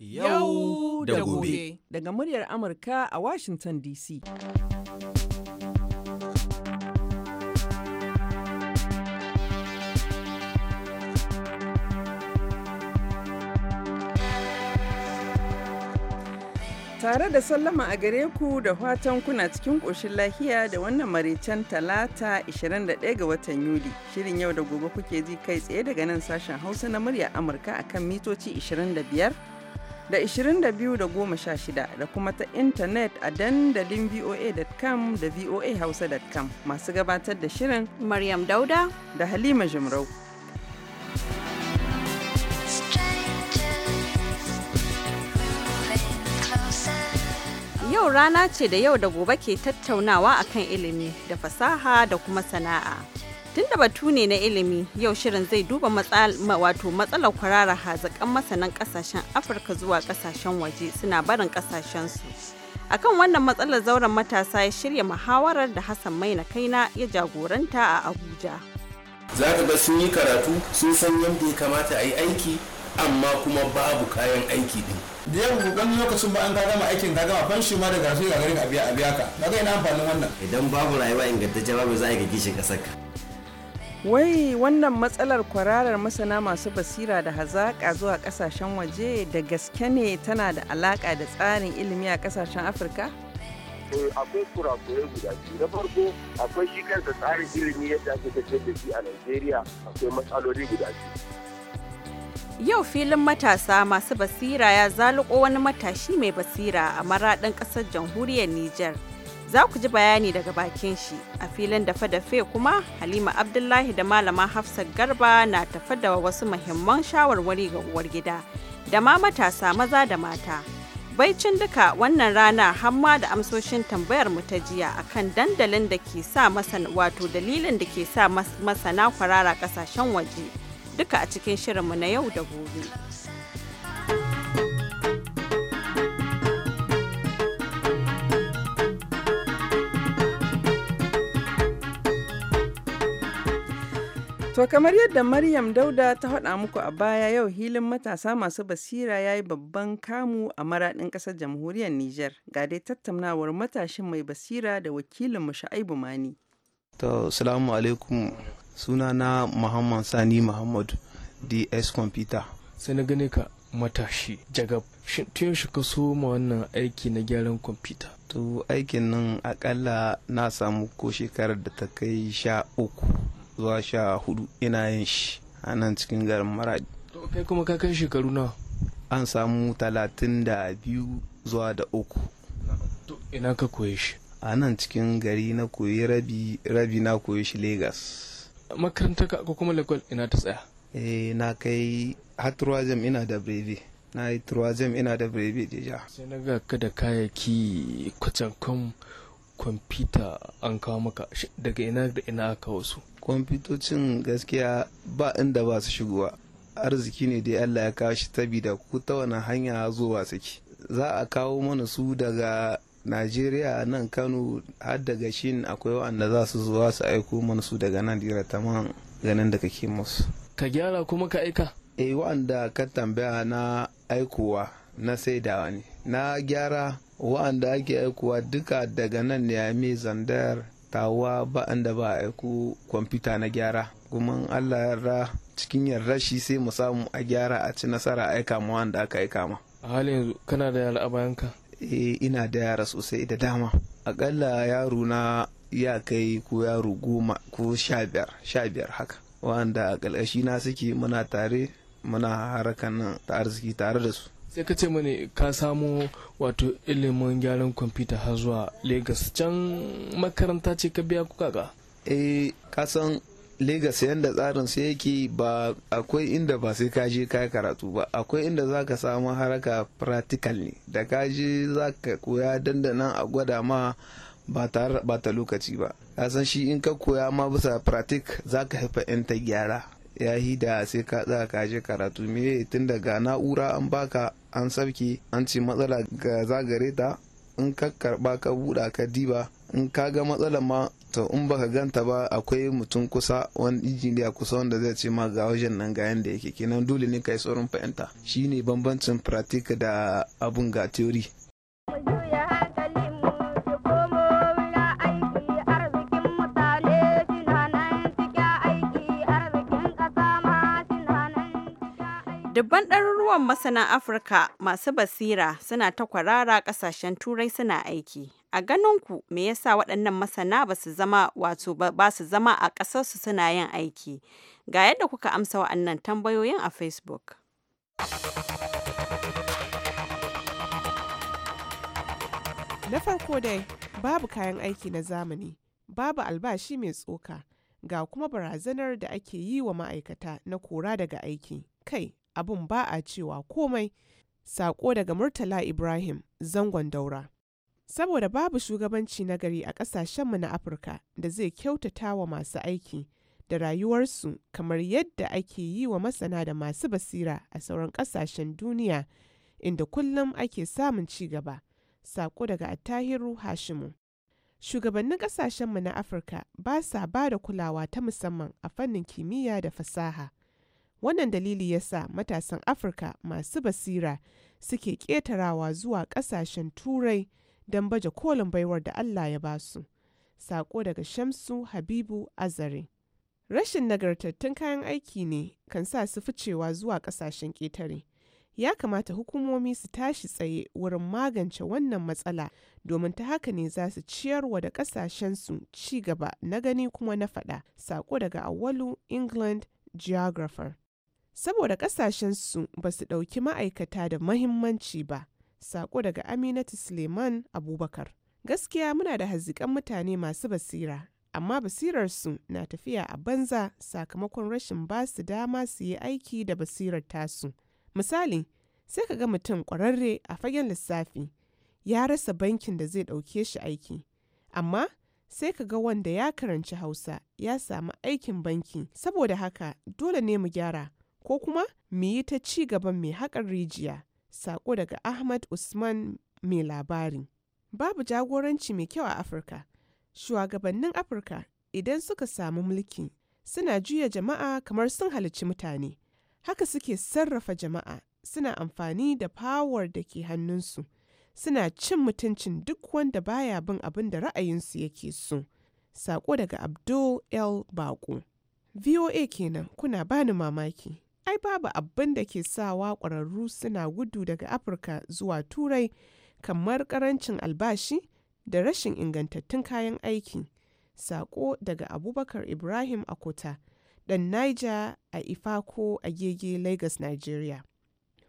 yau da gobe daga muryar amurka a washington dc tare da sallama a gare ku da fatan kuna cikin ƙoshin lahiya da wannan maraicen talata 21 ga watan yuli shirin yau da gobe kuke ji kai tsaye daga nan sashen hausa na murya amurka akan mitoci 25 da 22 da 16 da kuma ta intanet a dandalin voa.com da voahausa.com masu gabatar da shirin Maryam Dauda da Halima Jimrau. Yau rana ce da yau da gobe ke tattaunawa akan ilimi da fasaha da kuma sana'a. da batu ne na ilimi yau shirin zai duba wato matsalar kwarara hazakan masanan kasashen Afirka zuwa kasashen waje suna barin kasashen su Akan wannan matsalar zauren matasa ya shirya muhawarar da Hassan na Kaina ya jagoranta a Abuja. Za ka ga sun yi karatu sun san yadda ya kamata a yi aiki amma kuma babu kayan aiki din. da yau kokarin lokacin ba an ka gama aikin ka gama fanshi ma da sai ga garin a biya ka ga ina amfanin wannan idan babu rayuwa ingantacce babu za a ga gishin kasar ka Wai wannan matsalar kwararar masana masu basira da hazaƙa zuwa ƙasashen waje da gaske ne tana da alaƙa da tsarin ilimi a ƙasashen Afirka? Eh, akwai kurakurai guda biyu na farko akwai shi kansa tsarin ilimi yadda ake tafiyar da shi a Najeriya akwai matsaloli guda Yau filin matasa masu basira ya zaluko wani matashi mai basira a maraɗin ƙasar jamhuriyar Nijar. Za ku ji bayani daga bakin shi a filin dafe-dafe kuma Halima Abdullahi da Malama Hafsat Garba na tafa da wasu muhimman shawarwari ga uwar gida da ma matasa maza da mata. Baicin duka wannan rana hamma da amsoshin tambayar mu ta jiya akan dandalin da ke sa masana wato dalilin da ke sa masana kwarara kasashen waje duka a cikin shirinmu na yau da gobe. To kamar yadda Maryam Dauda ta faɗa muku a baya yau hilin matasa masu basira ya yi babban kamu a maraɗin ƙasar jamhuriyar Nijar. Ga dai tattaunawar matashin mai basira da wakilin mu Sha'ibu Mani. To, salamu alaikum. Suna na Muhammad Sani Muhammad DS Computer. Sai na gane ka matashi jagab. Shin tun yaushe ka so ma wannan aiki na gyaran kwamfuta? To aikin nan akalla na samu ko shekarar da ta kai sha uku. zuwa sha hudu ina yin shi a nan cikin garin maradi to kai kuma ka kai shekaru na. an samu talatin da biyu zuwa da uku to ina ka koye shi a nan cikin gari na koyi rabi rabi na koyi shi lagos makarantar ka ko kuma lakwal ina ta tsaya eh na kai hatruwajam ina da brevi na yi turwazem ina da brevi deja sai na ga ka da kayaki kwacankan kwamfuta an kawo maka daga ina da ina aka wasu kwamfitocin gaskiya ba inda ba su shigowa arziki ne dai allah ya kawo shi da ku ta wani hanya zuwa saki. za a kawo mana su daga najeriya nan kano har daga shin akwai wa'anda za su zuwa su aiko mana su daga nan dira taman ganin da kake musu ka gyara kuma ka aika eh wa'anda ka tambaya na aikowa na saidawa ne na gyara wa'anda ake aikowa duka daga nan ne a zandar tawa ba da ba aiko kwamfuta na gyara kuma allah yarda cikin yarda shi sai mu samu a gyara a ci nasara aika ma wanda aka aika ma a halin yanzu kana da yara a bayanka eh ina da yara sosai da dama akalla yaro na ya kai ko yaro goma ko sha biyar sha biyar haka wanda a na suke muna tare muna harakan ta arziki tare da su sai ka ce mani ka samo wato ilimin gyaran kwamfuta har zuwa Legas. can makaranta ce ka biya kuka ga eh kasan Legas yadda tsarin su yake ba akwai inda ba sai ka je kai karatu ba akwai inda za ka samu haraka practical ne da ka je za ka koya dandanan a gwada ma ba ta lokaci ba kasan shi in ka koya ma bisa pratik za ka haifa yan ta gyara ya da sai ka ka je karatu me tun daga na'ura an baka an sabki an ce matsala ga zagare ta in ka karba ka buɗa ka diba in ka ga matsala ma to in baka ganta ba akwai mutum kusa wani injiniya kusa wanda zai ce ma ga wajen nan ga yanda yake kenan dole ne ka yi saurin fahimta ne bambancin pratik da abun ga theory Dubban ɗaruruwan masana Afirka masu basira suna ta kwarara ƙasashen Turai suna aiki. A ganin ku me yasa waɗannan masana ba su zama wato ba su zama a ƙasarsu suna yin aiki? Ga yadda kuka amsa wa'annan tambayoyin a Facebook. Na farko dai, babu kayan aiki na zamani, babu albashi mai tsoka, ga kuma barazanar da ake yi wa ma'aikata na kora daga aiki. Kai, abin ba a cewa komai saƙo daga murtala ibrahim zangon daura saboda babu shugabanci nagari gari a ƙasashenmu na afirka da zai kyautata wa masu aiki da rayuwarsu kamar yadda ake yi wa masana da masu basira a sauran ƙasashen duniya inda kullum ake samun ci gaba saƙo daga attahiru hashimu shugabannin ƙasashenmu na afirka ba sa ba da kulawa ta musamman a fannin kimiyya da fasaha Wannan dalili ya sa matasan Afirka masu basira suke ƙetarawa zuwa ƙasashen Turai don baje kolin baiwar da Allah ya ba su. Sako daga Shamsu Habibu Azare. Rashin nagartattun kayan aiki ne kan sa su ficewa zuwa ƙasashen ƙetare. Ya kamata hukumomi su tashi tsaye wurin magance wannan matsala domin ta haka ne za su ciyarwa da ƙasashensu ci gaba na gani kuma na faɗa. Sako daga Awalu, England, Geographer. saboda ƙasashensu su basu ɗauki ma'aikata da mahimmanci ba. saƙo daga Aminatu Suleiman Abubakar. Gaskiya muna da haziƙan mutane masu basira, amma basirarsu na tafiya a banza sakamakon rashin ba su dama su yi aiki da basirar tasu. Misali, sai ka ga mutum ƙwararre a fagen lissafi ya rasa bankin da zai ɗauke shi aiki, amma sai ka ga wanda ya karanci Hausa ya samu aikin banki, saboda haka dole ne mu gyara. ko kuma mu yi ta ci gaban mai haƙar rijiya. Sako daga Ahmad Usman mai labari. Babu jagoranci mai kyau a Afirka. Shugabannin Afirka idan suka samu mulki suna juya jama'a kamar sun halicci mutane. Haka suke sarrafa jama'a suna amfani da fawar da ke hannunsu. Suna cin mutuncin duk wanda baya bin abin da ra'ayinsu yake so. Sako daga Abdul L. Bako. VOA kenan kuna bani mamaki. ai babu abin da ke sawa ƙwararru suna gudu daga afirka zuwa turai kamar ƙarancin albashi da rashin ingantattun kayan aiki sako daga abubakar ibrahim akota ɗan niger a ifako a gege lagos nigeria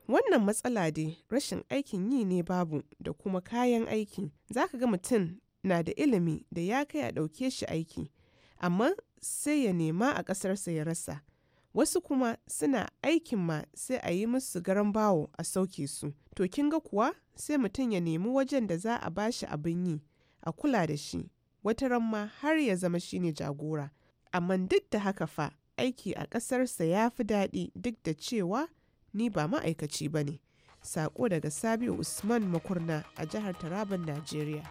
wannan matsala dai rashin aikin yi ne babu da kuma kayan aiki za ga mutum na da ilimi da ya kai a ɗauke shi aiki amma sai ya nema a ƙasarsa ya rasa wasu kuma suna aikin ma sai a yi musu garan bawo a sauke su to kin ga kuwa sai mutum ya nemi wajen da za a bashi abin yi a kula da shi wata ran har ya zama shine jagora amma duk da haka fa aiki a ƙasarsa ya fi daɗi duk da cewa ni ba ma'aikaci ba ne. Sako daga Sabiu Usman Makurna a jihar Taraban, Najeriya.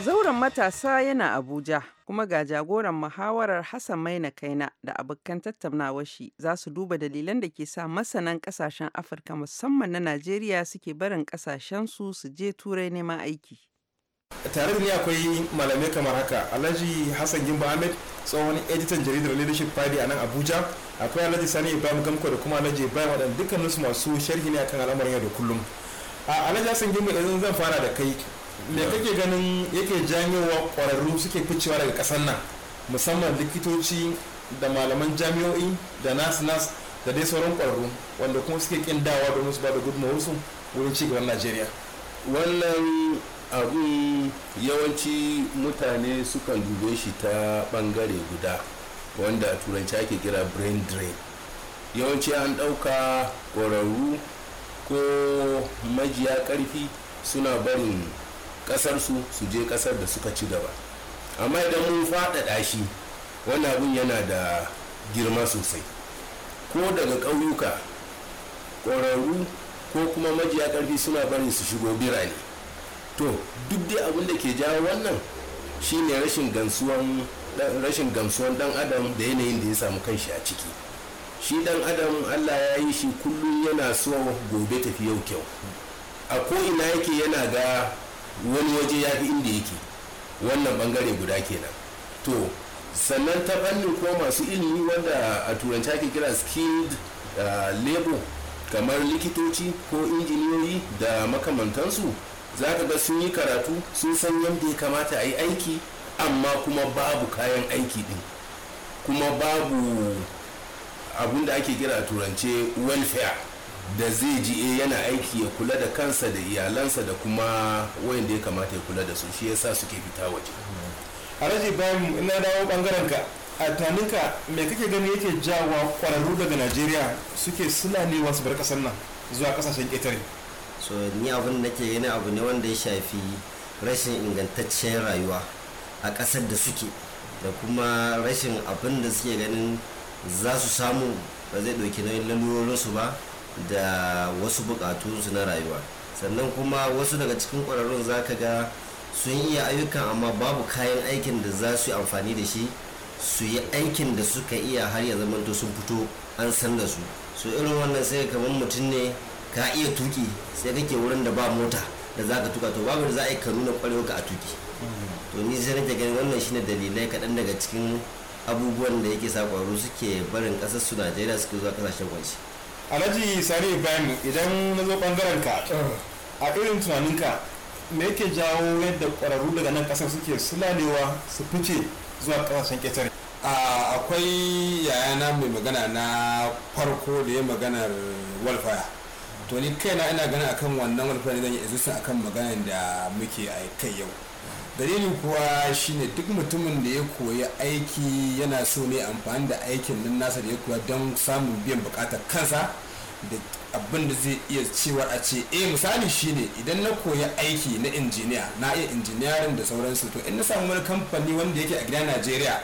Zauren matasa yana Abuja kuma ga jagoran muhawarar Hassan Maina Kaina da abokan tattaunawar shi za su duba dalilan da ke sa masanan kasashen Afirka musamman na Najeriya suke barin kasashen su su je turai neman aiki. tare da ni akwai malamai kamar haka alhaji hassan gimba ahmed tsohon editan jaridar leadership party a nan abuja akwai alhaji sani ibrahim gamko da kuma alhaji ibrahim waɗanda dukkaninsu masu sharhi ne akan al'amarin yau da kullum a alhaji hassan gimba yanzu zan fara da kai me kake ganin yake janyowa kwararru suke ficewa daga ƙasar nan musamman likitoci da malaman jami'o'i da nas nas da dai sauran kwararru wanda kuma suke kin dawa da musu ba da gudunmawarsu wurin cigaban najeriya wannan abun yawanci mutane sukan dube shi ta bangare guda wanda turanci ake kira brain drain yawanci an ɗauka ƙwararru ko majiya ƙarfi suna barin Ƙasar su su je ƙasar da suka ci gaba amma idan mun faɗaɗa shi wani abin yana da girma sosai ko daga ƙauyuka ƙwararru ko kuma majiya ƙarfi suna barin su shigo birane to duk dai abin da ke jawo wannan shine rashin gamsuwan rashin gamsuwan dan adam da yanayin da ya samu shi a ciki shi dan adam allah ya yi shi kullum yana so gobe tafi yau kyau a ko'ina yake yana ga wani waje ya fi inda yake wannan bangare guda kenan to sannan ta fannin ko masu ilimi wanda a turanci ake kira skilled ah, labor kamar likitoci ko injiniyoyi da makamantansu za ka ga sun yi karatu sun san yadda ya kamata a yi aiki amma kuma babu kayan aiki din kuma babu abun da ake kira a turance welfare da zai ji e yana aiki ya kula da kansa da iyalansa da kuma wayan da ya kamata ya kula da su shi yasa suke fita waje alhaji bayan ina dawo bangaren ka a tanuka me kake gani yake jawa kwararru daga najeriya suke sulalewa su bar kasar nan zuwa kasashen ƙetare so ni abin da ke yana abu ne wanda ya shafi rashin ingantaccen rayuwa a kasar da suke da kuma rashin abin da suke ganin za su samu ba zai ɗauki nauyin lalurorinsu ba da wasu su na rayuwa sannan kuma wasu daga cikin kwararrun za ka ga sun iya ayyukan amma babu kayan aikin da za su yi amfani da shi su yi aikin da suka iya har ya zamanto sun fito an san da su su irin wannan sai kamar mutum ne ka iya tuki sai kake wurin da ba mota da za ka tuka to babu da za a yi ka nuna ka a tuki to ni sai nake ganin wannan shine dalilai kaɗan daga cikin abubuwan da yake sa kwaro suke barin ƙasar su najeriya suke zuwa ƙasashen kwanci alhaji sari ibrahim idan na zo bangaren ka a irin tunanin ka me yake jawo yadda kwararru daga nan kasar suke sulalewa su fice zuwa kasashen ƙetare akwai yayana mai magana na farko da ya maganar walfaya to ni kaina ina gana akan wannan walfaya ne zan yi a akan maganar da muke a kai yau dalilin kuwa shine duk mutumin da ya koyi aiki yana so ne amfani da aikin nan nasa da ya koya don samun biyan bukatar kansa da abin da zai iya cewa a ce eh misali shine idan na koyi aiki na injiniya na iya injiniyarin da sauransu to in na samu wani kamfani wanda yake a gida najeriya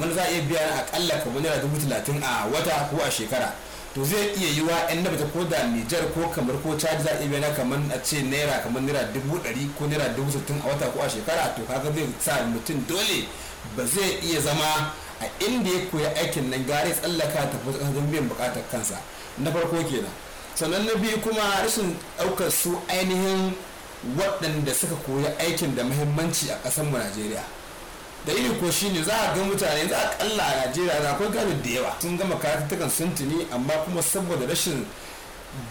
wanda za a iya biya akalla kamar naira dubu talatin a wata ko a shekara to zai iya yi wa yan na bata ko da Nijar ko kamar ko Chad za a iya kamar a ce naira kamar naira dubu ɗari ko naira dubu sittin a wata ko a shekara to kaga zai sa mutum dole ba zai iya zama a inda ya koya aikin nan gare tsallaka ta don biyan bukatar kansa na farko kenan sannan na biyu kuma rashin ɗaukar su ainihin waɗanda suka koya aikin da muhimmanci a ƙasar mu Najeriya. da iri ko ne za a ga mutane za a kalla a najeriya na akwai gado da yawa sun gama karatattakan sun tuni amma kuma saboda rashin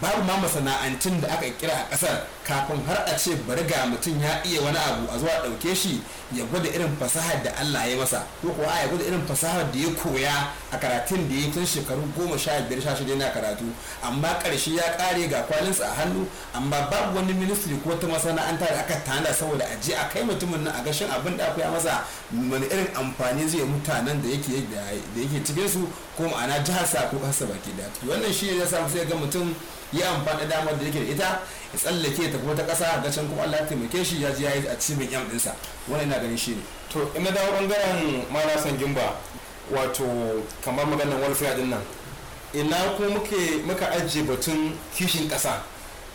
babu ma masana'antun da aka kira a kasar kafin har a ce bari ga mutum ya iya wani abu a zuwa ɗauke shi ya gwada irin fasahar da Allah ya masa ko kuwa ya gwada irin fasahar da ya koya a karatun da ya tun shekaru goma sha biyar sha shida yana karatu amma karshe ya kare ga kwalinsa a hannu amma babu wani ministry ko ta masana'anta da aka tana saboda a je a kai mutumin nan a gashin abin da aka masa wani irin amfani zai mutanen da yake da yake cikin su ko ma'ana jihar sa ko kasa baki da wannan shi ne ya samu sai ga mutum yi amfani da damar da yake da ita ya tsallake ta kuma ta kasa ga can kuma Allah ya taimake shi ya ji ya a cikin yam dinsa wannan ina ganin shi ne to in na dawo bangaren mana san gimba wato kamar maganar welfare din nan ina ko muke muka ajiye batun kishin kasa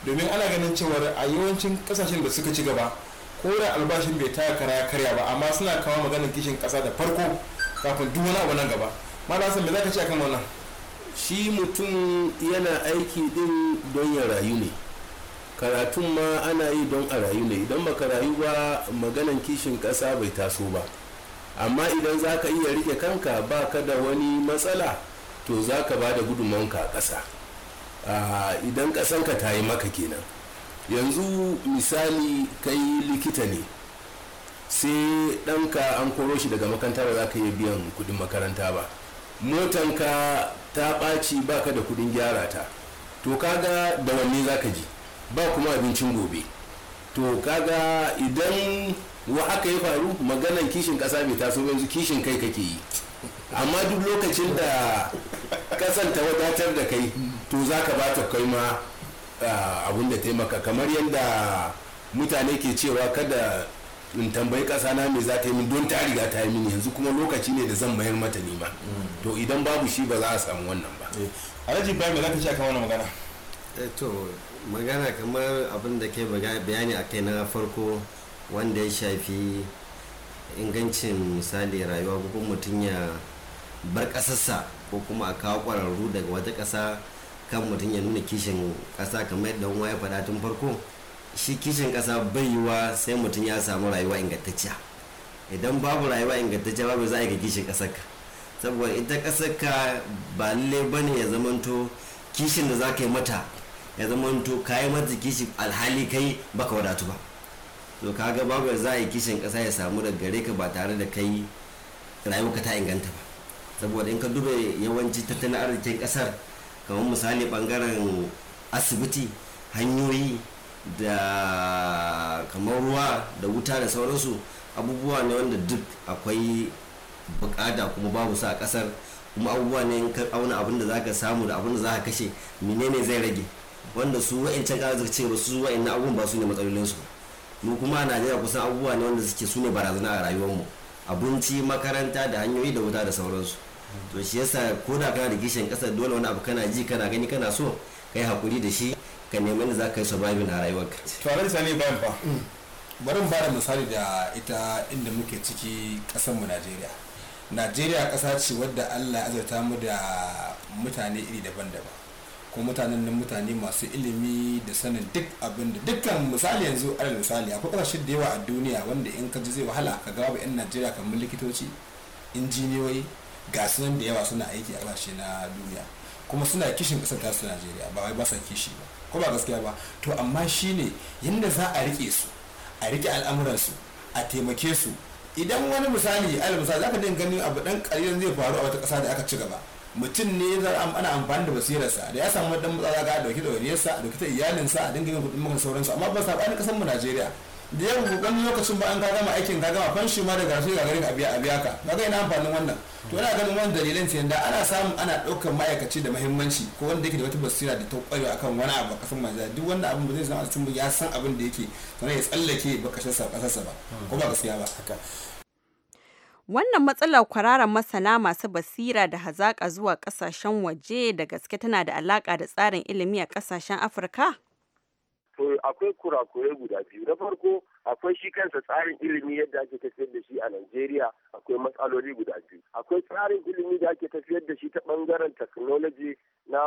domin ana ganin cewar a yawancin kasashen da suka ci gaba ko da albashin bai taka kara karya ba amma suna kawo maganar kishin kasa da farko kafin duk wani abu nan gaba mana san me zaka ce akan wannan shi mutum yana aiki din don ya rayu ne karatun ma ana yi don a rayu ne idan baka rayu ba maganan kishin ƙasa bai taso ba amma idan za ka iya rike kanka ba ka da wani matsala to za ka ba da gudunmanka a ƙasa idan ƙasanka ta yi maka kenan yanzu misali kai likita ne sai ɗanka an koro shi daga makaranta ba za ka iya biyan kuɗin makaranta ba motanka ta ɓaci ba ka da kudin gyara ta to kaga da wanne zaka ji ba kuma abincin gobe to kaga idan wa haka ya faru maganan kishin ƙasa bai taso yanzu kishin kai kake yi amma duk lokacin da kasan ta wadatar da kai to za ka ba ta kai ma ah, abun da taimaka kamar yadda mutane ke cewa kada in tambayi kasa na me za yi min don ta riga ta yi mini yanzu kuma lokaci ne da zan mayar mata nima to idan babu shi ba za a samu wannan ba eh, alhaji bai me za ka akan wannan magana eh, to magana kamar abinda da ke bayani a kai na farko wanda ya shafi ingancin misali rayuwa ko mutum ya bar kasarsa ko kuma a kawo ƙwararru daga wata kasa kan mutum ya nuna kishin ƙasa kamar yadda wani ya faɗa tun farko shi kishin kasa bai yiwa sai mutum ya samu rayuwa ingantacciya idan babu rayuwa ingantacciya babu za a ga kishin kasar ka saboda ita kasar ka ba lalle bane ya zamanto kishin da za ka yi mata ya zamanto ka yi mata kishin alhali kai baka wadatu ba to ga babu za a yi kishin kasa ya samu da gare ka ba tare da kai ka ta inganta ba saboda in ka duba yawanci tattalin arzikin kasar kamar misali bangaren asibiti hanyoyi da kamar ruwa da wuta da sauransu abubuwa ne wanda duk akwai bukata kuma babu su a kasar kuma abubuwa ne in ka auna abin da zaka samu da abin da zaka kashe menene zai rage wanda su wa'ancan kasar suka ce ba su wa'annan abubuwan ba su ne matsalolin mu kuma a Najeriya kusan abubuwa ne wanda suke su ne barazana a rayuwar mu abinci makaranta da hanyoyi da wuta da sauransu to shi yasa ko da kana da kishin kasar dole wani abu kana ji kana gani kana so kai hakuri da shi ka nemi da za ka yi surviving a rayuwarka tare da sani bayan fa bari mu bada misali da ita inda muke ciki kasar mu Najeriya Najeriya ƙasa ce wadda Allah ya azurta mu da mutane iri daban-daban ko mutanen nan mutane masu ilimi da sanin duk abin da dukkan misali yanzu a misali akwai kasashe da yawa a duniya wanda in ka ji zai wahala ka ga babu 'yan Najeriya kamar likitoci injiniyoyi ga nan da yawa suna aiki a ƙasashe na duniya kuma suna kishin ƙasar su Najeriya ba wai ba sa kishi ba ko ba gaskiya ba to amma shi ne yadda za a rike su a rike al'amuransu a taimake su idan wani misali alal misali zaka dinga ganin abu dan ƙaryan zai faru a wata ƙasa da aka ci gaba mutum ne ana amfani da basirarsa da ya samu dan matsala ga dauki da sa a dauki ta iyalinsa a dinga yin kudin sauransu amma ba ni kasan mu Najeriya da yau wani lokacin an ka gama aikin ka gama fanshi ma daga sai ga garin a biya a biya ka ina amfanin wannan to ina ganin wannan dalilan sai da ana samun ana daukar ma'aikaci da muhimmanci ko wanda yake da wata basira da ta kwarewa akan wani abu kasan manzo duk wanda abin ba zai zama cikin ya san abin da yake sannan ya tsallake ba kashin sa kasarsa ba ko ba gaskiya ba Wannan matsalar kwararan masana masu basira da hazaƙa zuwa ƙasashen waje da gaske tana da alaƙa da tsarin ilimi a ƙasashen Afirka? to akwai kurakurai guda biyu na farko akwai shi kansa tsarin ilimi yadda ake tafiyar da shi a Najeriya akwai matsaloli guda biyu akwai tsarin ilimi da ake tafiyar da shi ta bangaren technology na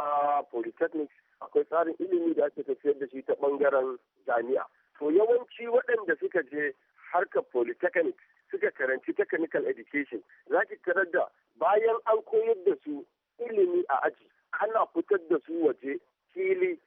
polytechnics akwai tsarin ilimi da ake tafiyar da shi ta bangaren jami'a to yawanci waɗanda suka je harkar polytechnics suka karanci technical education za ki tarar da bayan an koyar da su ilimi a aji ana fitar da su waje fili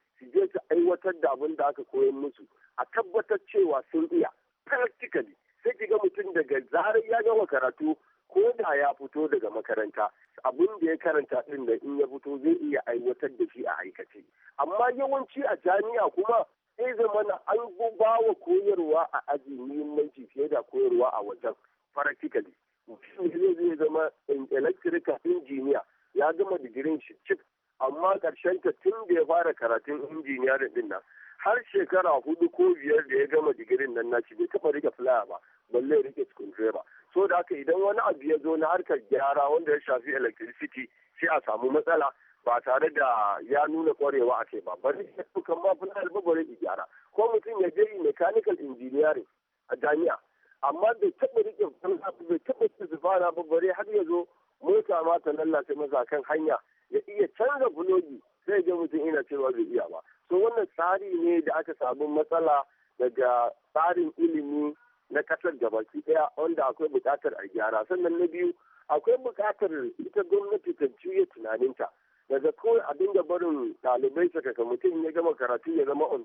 tabbatar da abin da aka koyar musu a tabbatar cewa sun iya practically sai ki ga mutum daga zarar ya gama karatu ko da ya fito daga makaranta abin da ya karanta din da in ya fito zai iya aiwatar da shi a aikace amma yawanci a jami'a kuma sai na an ba wa koyarwa a aji muhimmanci fiye da koyarwa a wajen practically mutum zai zama electrical engineer ya gama digirin shi cif amma karshen ta tun da ya fara karatun injiniya da har shekara hudu ko biyar da ya gama digirin nan ci bai taɓa rike flyer ba balle ya rike ba so da haka idan wani abu ya zo na harkar gyara wanda ya shafi electricity sai a samu matsala ba tare da ya nuna kwarewa a kai ba bari ya kan ma flyer ba bari ya gyara ko mutum ya je mechanical engineering a jami'a amma bai taɓa rike flyer bai taɓa rike zubana ba bari har ya zo mota ma ta lallace masa kan hanya ya iya canza bulogi sai ga mutum ina cewa bai iya ba so wannan tsari ne da aka samu matsala daga tsarin ilimi na kasar gabaki daya wanda akwai bukatar a gyara sannan na biyu akwai bukatar ita gwamnati ta juya tunaninta daga kawai a dinga barin ɗalibai sakaka mutum ya gama karatu ya zama on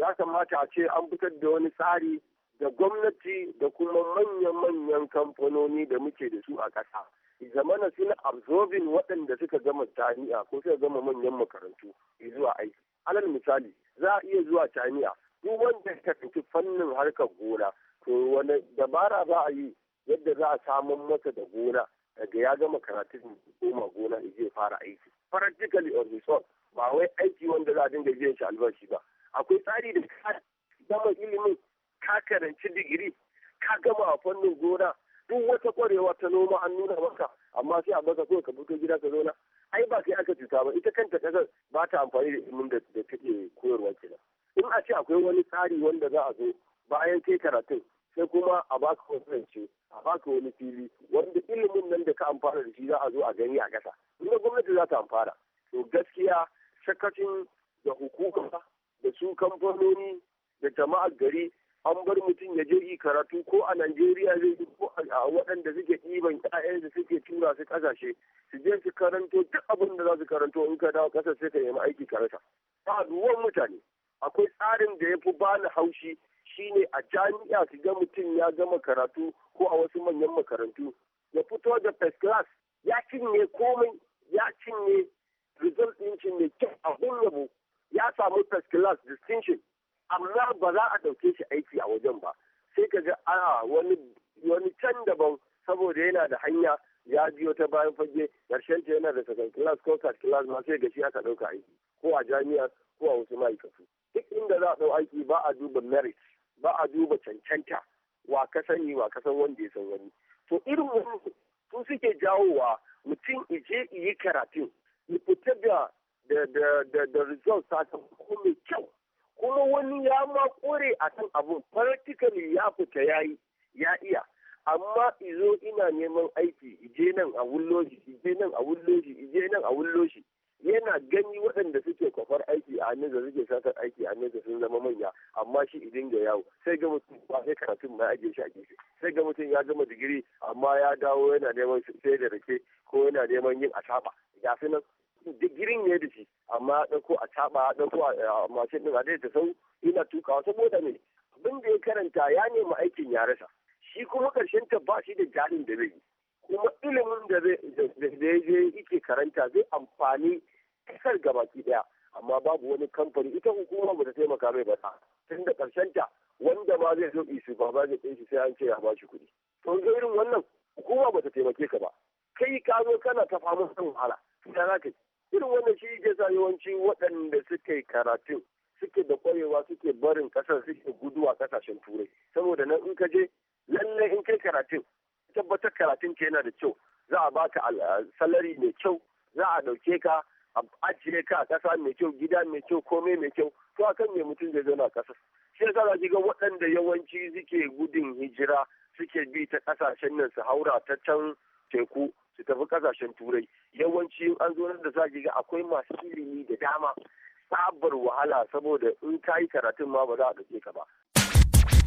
ya kamata a ce an fitar da wani tsari da gwamnati da kuma manya manyan kamfanoni da muke da su a ƙasa zamana suna absorbing waɗanda suka gama taniya ko suka gama manyan makarantu zuwa aiki alal misali za a iya zuwa taniya duk wanda ya karanci fannin harkar gona to wani dabara za a yi yadda za a samun masa da gona daga ya gama karatun koma gona zai fara aiki practically on his own ba wai aiki wanda za a dinga biyan shi albashi ba akwai tsari da ka gama ilimin ka karanci digiri ka gama a fannin gona duk wata kwarewa ta noma an nuna maka amma sai a baka kawai ka fito gida ka zauna ai ba sai aka cuta ba ita kanta kasar ba ta amfani da ilimin da take koyarwa kenan in a ce akwai wani tsari wanda za a zo bayan kai karatun sai kuma a baka wani a baka wani fili wanda ilimin nan da ka amfana da shi za a zo a gani a kasa inda gwamnati za ta amfana to gaskiya sakacin da hukuma da su kamfanoni da jama'ar gari an bar mutum ya je yi karatu ko a Najeriya zai yi ko a waɗanda suke ɗiban ƴaƴan da suke tura su ƙasashe su je su karanto duk abin da za su karanto in ka dawo ƙasar sai ka nemi aiki karata. ba duwan mutane akwai tsarin da ya fi bani haushi shine a jami'a su ga mutum ya gama karatu ko a wasu manyan makarantu ya fito da first class ya cinye komai ya cinye result ɗin shi kyau a yabo ya samu first class distinction amma ba za a ɗauke shi aiki a wajen ba sai ka ga a wani can daban saboda yana da hanya ya biyo ta bayan fage ƙarshen ta yana da second class ko third class ma sai ga shi aka ɗauka aiki ko a jami'a ko a wasu ma'aikatu duk inda za a ɗau aiki ba a duba merit ba a duba cancanta wa ka sani wa ka san wanda ya san wani to irin wani su suke jawowa mutum ije yi karatun ya fita da da da da result sakamako mai kyau kuma wani ya ma kore a kan abun practically ya fita ya yi ya iya amma izo ina neman aiki ije nan a wulloshi ije nan a wulloshi ije nan a wulloshi yana gani waɗanda suke kwafar aiki a hannun da suke satar aiki a da sun zama manya amma shi idin da yawo sai ga mutum ba sai karatun ma ajiye shi a gefe sai ga mutum ya gama digiri amma ya dawo yana neman sai da rake ko yana neman yin asaba ya nan duk amma a ɗauko a taɓa a ɗauko a mashin ɗin a da sau yana tukawa saboda me abin da ya karanta ya nemi aikin ya rasa shi kuma ƙarshen ta ba shi da jarin da zai kuma ilimin da zai je yake karanta zai amfani kasar gabaki ɗaya amma babu wani kamfani ita hukuma ba ta taimaka mai ba tun da ƙarshen ta wanda ma zai zo isu ba ba zai sai an ce ya ba shi kuɗi to irin wannan hukuma ba ta taimake ka ba kai ka zo kana ta fama san wahala ina za ka yi irin wannan shi ke sa yawanci waɗanda suke karatun suke da ƙwarewa suke barin ƙasar suke a ƙasashen turai saboda nan in ka je lallai in kai karatun tabbatar karatun ke yana da kyau za a baka ah, salari mai kyau za a ɗauke ka a ajiye ka a ƙasa mai kyau gida mai kyau komai mai kyau to a kan mai mutum zai zauna ƙasa shi ne za ga waɗanda yawanci suke gudun hijira suke bi ta ƙasashen nan su haura ta can teku tafi kasashen turai yawanci an zo nan da za ga akwai masu ilimi da dama sabar wahala saboda in ka yi karatun ma ba za a ɗauke ka ba.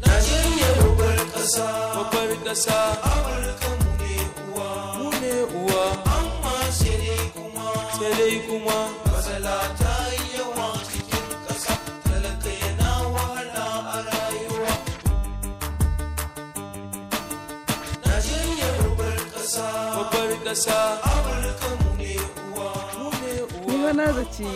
ƙasa, ƙasa, uwa, amma sai dai kuma, sai dai kuma, matsala ta yi ƙasa na zaci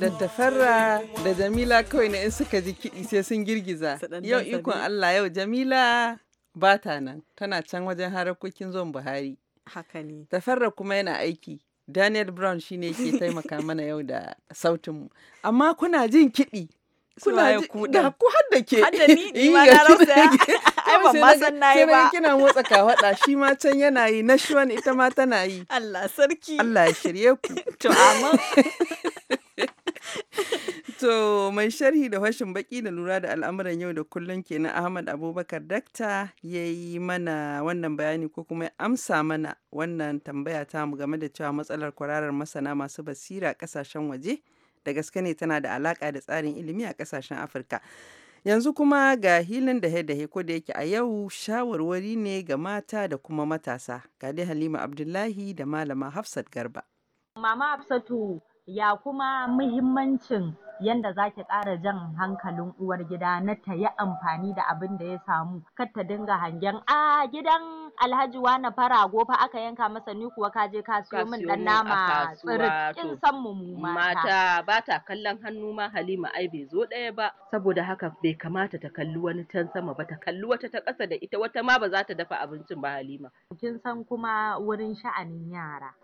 da tafarra da jamila kawai na in suka ji kiɗi sai sun girgiza yau ikon allah yau jamila ba ta nan tana can wajen harakokin zon buhari haka tafarra kuma yana aiki daniel brown shine ke taimaka mana yau da sautin mu, amma kuna jin kiɗi kuna ji ku ke ni ma eh, na masan ba. motsa kawada shi ma can yana yi na shi wani ita ma tana yi. Allah sarki. Allah ya shirye ku. To amma. To mai sharhi da hashin baki da lura da al'amuran yau da kullum kenan Ahmad Abubakar Dakta ya yi mana wannan bayani ko kuma amsa mana wannan tambaya ta mu game da cewa matsalar kwararar masana masu basira kasashen waje da gaske ne tana da alaka da tsarin ilimi a kasashen Afirka. Yanzu kuma ga hilin da dahe ko da yake a yau shawarwari ne ga mata da kuma matasa. Ga dai Halima Abdullahi da Malama Hafsat Garba. Mama Hafsatu ya kuma muhimmancin yanda zaki ki ƙara jan hankalin uwar gida na ta amfani da abin da ya samu kar ta dinga hangen a gidan alhaji wani farago fa aka yanka masa ni kuwa ka je ka siyo min dan nama tsirin san mu mu mata ba ta kallon hannu ma halima ai bai zo ɗaya ba saboda haka bai kamata ta kalli wani can sama ba ta kalli wata ta ƙasa da ita wata ma ba za ta dafa abincin ba halima kin san kuma wurin sha'anin yara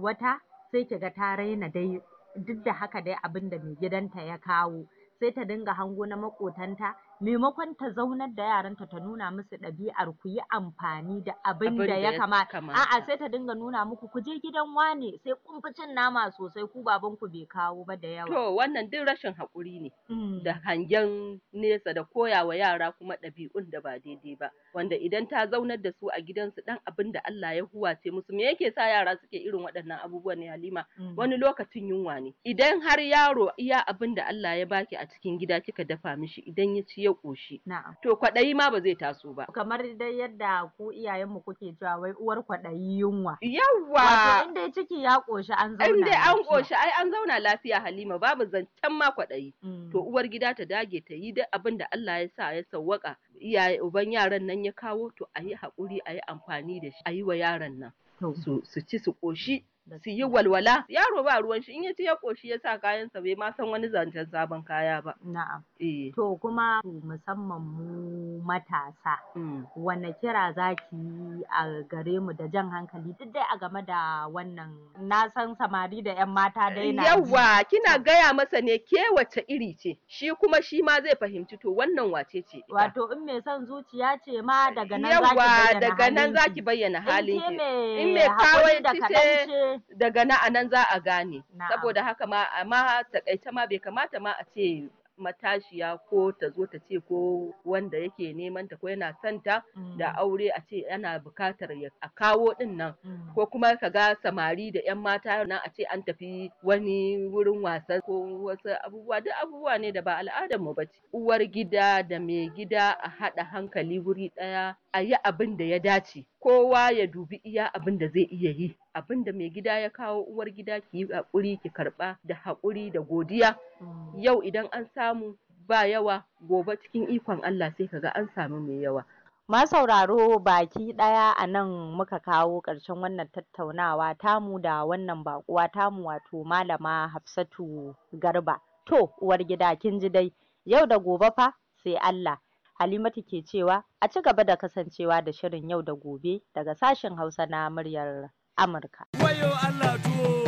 wata sai ki ga ta raina dai duk da haka dai abinda mai gidanta ya kawo sai ta dinga hango na maƙotanta maimakon ta zaunar da yaranta ta nuna musu ɗabi'ar ku yi amfani da abin da ya kamata a'a sai ta dinga nuna muku ku je gidan wane sai kun cin nama sosai ku baban ku bai kawo ba da yawa to wannan duk rashin hakuri ne mm. da hangen nesa da koyawa yara kuma ɗabi'un da ba daidai ba wanda idan ta zaunar da su a gidansu dan abin da Allah ya huwace musu me yake sa yara suke irin waɗannan abubuwan ne Halima mm. wani lokacin yunwa ne idan har yaro iya abin da Allah ya baki a cikin gida kika dafa mishi idan ya ci ya ƙoshi. To kwaɗayi ma ba zai taso ba. Kamar dai yadda ku iyayenmu kuke cewa wai uwar kwaɗayi yunwa. Yawwa. Wato in ciki ya ƙoshi an zauna. In dai an ƙoshi ai an zauna lafiya Halima babu zancen ma kwaɗayi. Mm. To uwar gida ta dage ta yi duk abin da Allah ya sa ya sawwaka. Iyaye uban yaran nan ya kawo to a yi haƙuri a yi amfani da shi a yi wa yaran nan. Su ci su ƙoshi. su yi walwala yaro ba ruwan shi in ya ci ya koshi ya sa kayan sa bai ma san wani zancen sabon kaya ba na'am eh to kuma musamman mu matasa hmm. wanne kira zaki yi a gare mu da jan hankali duk dai a game da wannan na san samari da yan mata dai na yawa kina gaya masa ne ke wace iri ce shi kuma shi ma zai fahimci to wannan wace ce wato in mai son zuciya ce ma daga nan zaki bayyana halin ki? in mai kawai ce daga na anan za a gane saboda haka ma amma takaice ma bai kamata ma a ce matashiya ko ta zo ta ce ko wanda yake neman ta ko yana son ta mm. da aure a ce yana bukatar ya a kawo din nan mm. ko kuma ka ga samari da yan mata nan a ce an tafi wani wurin wasa ko wasu abubuwa duk abubuwa ne da ba al'adar mu bace uwar gida da mai gida a haɗa hankali wuri ɗaya a yi abin da ya dace kowa ya dubi iya abin da zai iya yi abinda mai gida ya kawo uwar gida ki yi hakuri ki karba da hakuri da godiya mm. yau idan an samu ba yawa gobe cikin ikon Allah sai kaga an samu mai yawa ma sauraro baki ɗaya a nan muka kawo ƙarshen wannan tattaunawa tamu da wannan baƙuwa tamu wato malama Hafsatu Garba to uwar gida kin ji dai yau da gobe fa sai Allah Halimatu ke cewa a ci gaba da kasancewa da shirin yau da gobe daga sashen Hausa na muryar Amurka. Wayo Allah tuwo.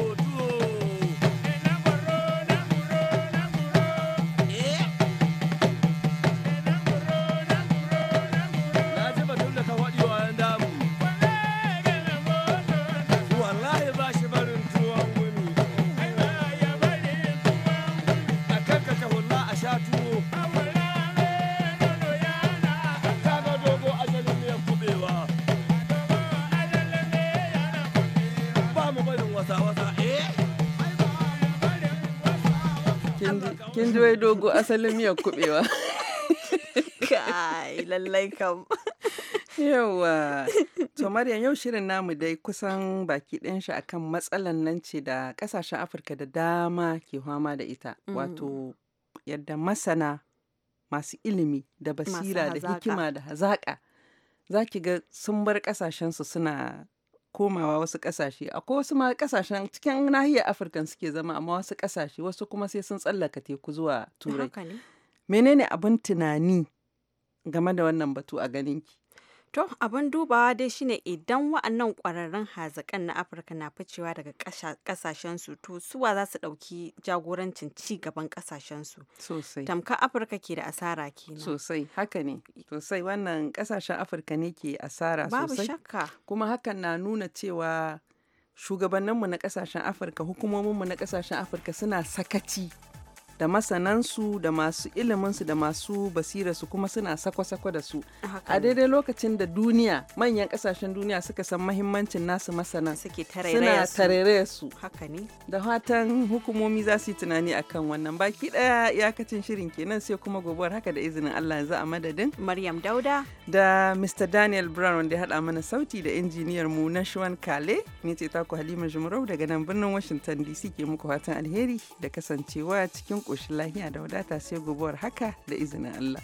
wai dogo asalin miyar kubewa. Kai, lallai kam. Yawa. To Maryam yau shirin namu dai kusan baki ɗin shi akan matsalan nan ce da ƙasashen Afirka da dama ke fama da ita. Mm. Wato yadda masana masu ilimi da basira da hikima da hazaƙa za ki ga sun bar ƙasashensu suna komawa wasu kasashe akwai wasu ma kasashen cikin nahiyar afirka suke zama amma wasu kasashe wasu kuma sai sun tsallaka teku zuwa turai menene abin tunani game da wannan batu a ganinki To abin dubawa dai shine idan wa'annan kwararrun hazakan na Afirka na ficewa daga ƙasashensu to suwa za su ɗauki jagorancin ci gaban kasashensu. Sosai. Tamka Afirka ke da asara kenan. Sosai haka ne. Sosai wannan kasashen Afirka ne ke asara sosai. Babu shakka. Kuma hakan na nuna cewa shugabanninmu na kasashen Afirka hukumominmu na kasashen Afirka suna sakaci da masanansu da masu iliminsu da masu basirarsu kuma suna sakwa-sakwa da su a daidai lokacin da duniya manyan kasashen duniya suka san mahimmancin nasu masana suna tarere su da fatan hukumomi za su yi tunani akan wannan baki daya iyakacin shirin kenan sai kuma gobuwar haka da izinin Allah za a madadin Maryam Dauda da Mr Daniel Brown wanda ya hada mana sauti da injiniyar mu na Shuan Kale ni ce taku Halima Jumrau daga nan birnin Washington DC ke muku fatan alheri da kasancewa cikin ƙoshin da wadata sai gobuwar haka da izinin Allah.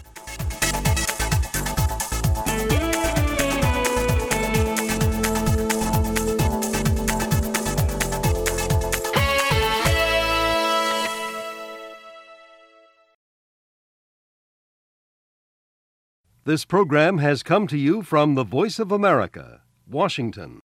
This program has come to you from the Voice of America, Washington.